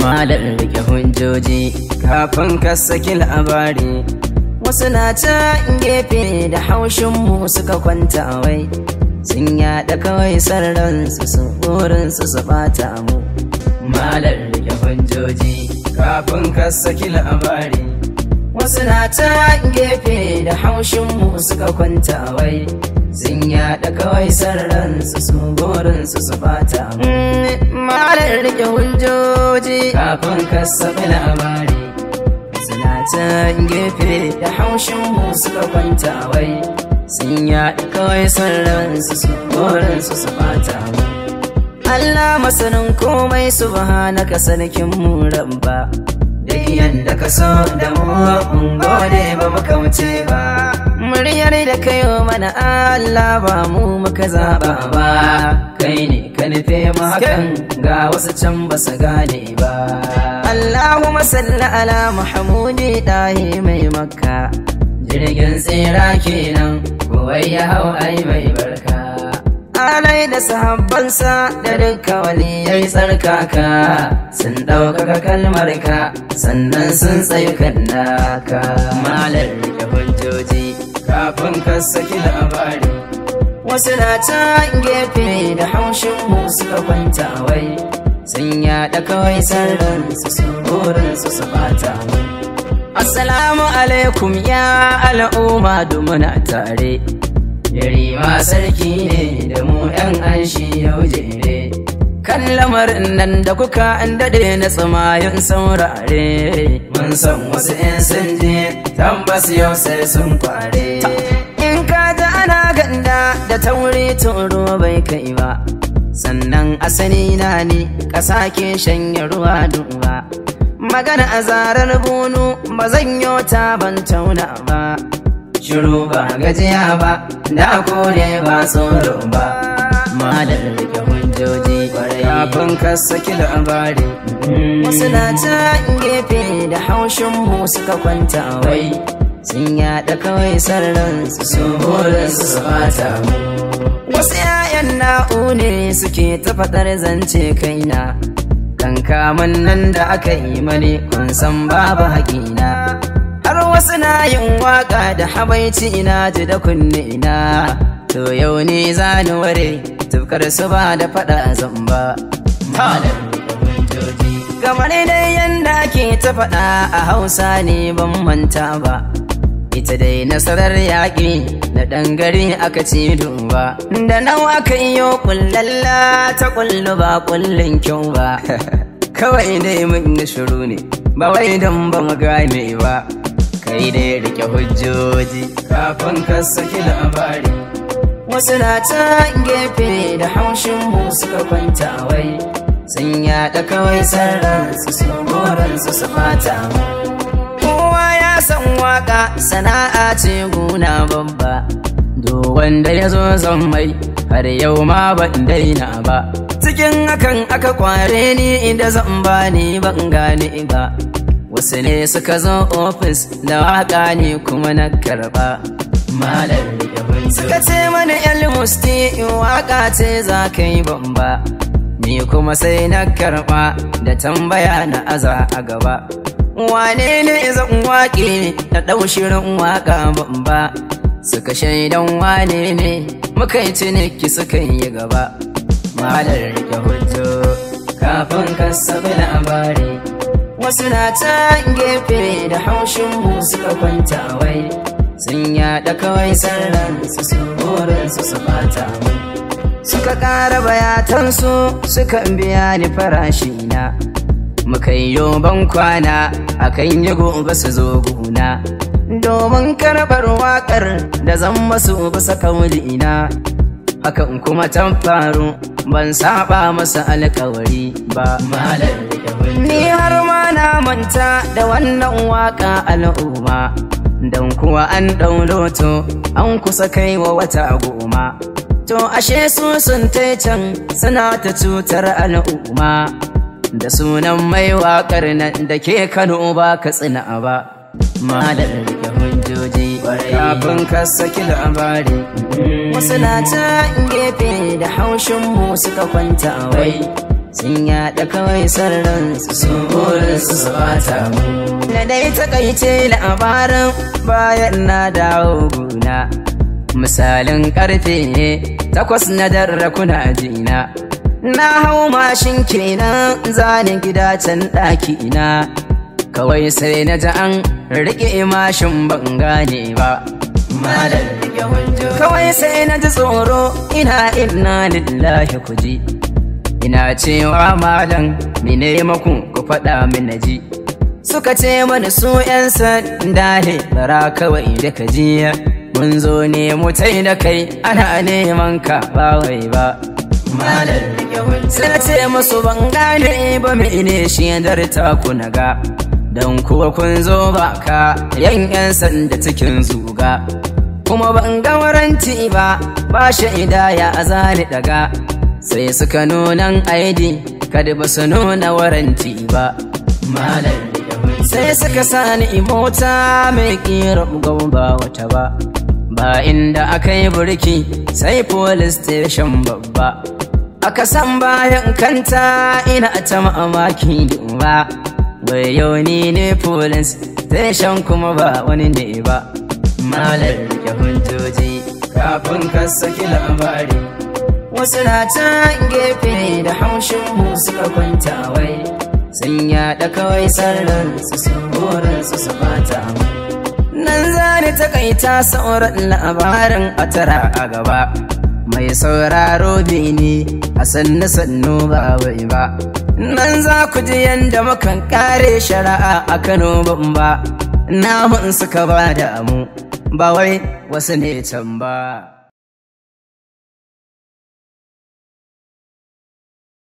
Malar rike hujjoji kafin ka saki labari wasu na ta gefe da haushinmu suka kwanta wai sun yaɗa kawai sararin su burinsu su bata mu Malar rike hujjoji kafin ka saki labari wasu na ta gefe da haushinmu suka kwanta wai sun yaɗa kawai sarransu su burinsu su fata mm, malar rike hujjoji kafin ka sami labari suna ta gefe da haushin mu suka kwanta wai sun yaɗa kawai sarransu su burinsu su fata Allah masanin komai subhanaka sanakin mu rabba duk yadda ka so da mu mun gode ba mu ba muryar da kayo mana Allah ba mu muka zaba ba kai ne ka nufe mu ga wasu can ba su gane ba Allahumma salli ala Muhammadi dahi mai makka jirgin tsira kenan wai ya hau ai mai barka alai da sahabbansa da dukkan waliyai tsarkaka sun ɗaukaka kalmarka sannan sun tsayu kan naka malar da hujjoji kafin ka saki labari wasu na ta gefe da haushin mu suka kwanta wai sun yaɗa kawai sarransu su burinsu su bata assalamu alaikum ya al'umma dumuna tare yarima sarki ne da mu yan anshi shi yau jere kan lamarin nan da kuka an na tsamayin saurare mun san wasu yan sun je tambas yau sai sun kware in ka ana ganda da tauri turo bai kai ba sannan asani na ne ƙasa ke shanye ruwa duba magana a zarar bunu ba zan yota ban tauna ba shiru ba gajiya ba da kore ba tsoro ba malar rike hujjoji kafin ka saki labari hmm. wasu na ta gefe da haushin mu suka kwanta wai sun yaɗa kawai sarran su su su su fata mu wasu yayan na'u ne suke ta fadar zance kaina kan kamun nan da aka yi mani kun san babu haƙina har wasu na yin waka da habaici ina ji da kunne ina to yau ne za ni ware tufkar su ba da fada zamba malam kamar dai yanda ke ta fada a hausa ne ban manta ba ita dai nasarar yaƙi na ɗan gari aka ce duba da nawa kan yo kullalla ta kullu ba kullun kyau ba kawai dai mun shuru ne ba wai don ba mu gane ba kai dai rike hujjoji kafin ka saki labari wasu na ta gefe da haushin mu suka kwanta wai sun yaɗa kawai sarar su goransu su fata kowa ya san waka sana'a ce guna babba do wanda ya zo zan mai har yau ma ban daina ba cikin hakan aka kware ni inda zan ba ni ban gane ba wasu ne suka zo ofis da waka ne kuma na karba malam suka ce mana musti in waka ce za ka yi bamba ni kuma sai na karba da tambaya na aza a gaba wane ne zan waƙe na ɗau shirin waƙa bamba suka shaidan wane ne muka yi ciniki suka yi gaba malar rike hoto kafin ka sabi labari suna ta gefe da haushin mu suka kwanta wai sun yaɗa kawai sarran su su su su bata mu suka ƙara bayatansu suka biya ni farashi na muka yi yoban kwana akan yi gobe su zo guna domin karɓar waƙar da zan masu bisa kaulina hakan kuma tan faru ban saɓa masa alƙawari ba malami Ni har ma na manta da wannan waka al'umma, don kuwa an to, an kusa kai wa wata goma. To ashe su sun can suna ta cutar al'umma, da sunan mai waƙar nan da ke Kano ba ka tsina ba. da rike hujjoji, kafin ka saki labari, wasu na ta gefe da haushin mu suka kwanta wai. sun yaɗa kawai sarran su a burin su su bata mu na dai takaice labarin bayan na dawo guna misalin karfe takwas na darra kuna jina na hau mashin kenan zanen gida can ɗaki kawai sai na ji an riƙe mashin ban gane ba Kawai sai na ji tsoro ina inna lillahi kuji ina cewa malam ne maku ku faɗa min ji suka ce mana su 'yan sanda ne bara kawai da kajiya mun zo ne mu tai da kai ana neman ka ba wai ba suka ce masu ban gane ba ne shi darta ku na ga don kuwa kun zo ba ka yan 'yan sanda cikin zuga kuma ban ga waranti ba ba shaida ya azali daga sai suka nunan aidi kada ba su nuna waranti ba sai suka sani imota mai kira ba wata ba ba inda aka yi burki sai police station babba aka san bayan kanta ina ta mamaki ba bai yau ni ne police station kuma ba wani ne ba malar rike huntoji kafin ka saki labari wasu na can da haushin mu suka kwanta wai sun yaɗa kawai sarran su sun su su bata nan zane ta sauran labarin a tara a gaba mai sauraro ne a sannu sannu ba wai ba nan za ku ji yadda mukan kare shari'a a kano ban ba namun suka ba da mu ba wai wasu ne can ba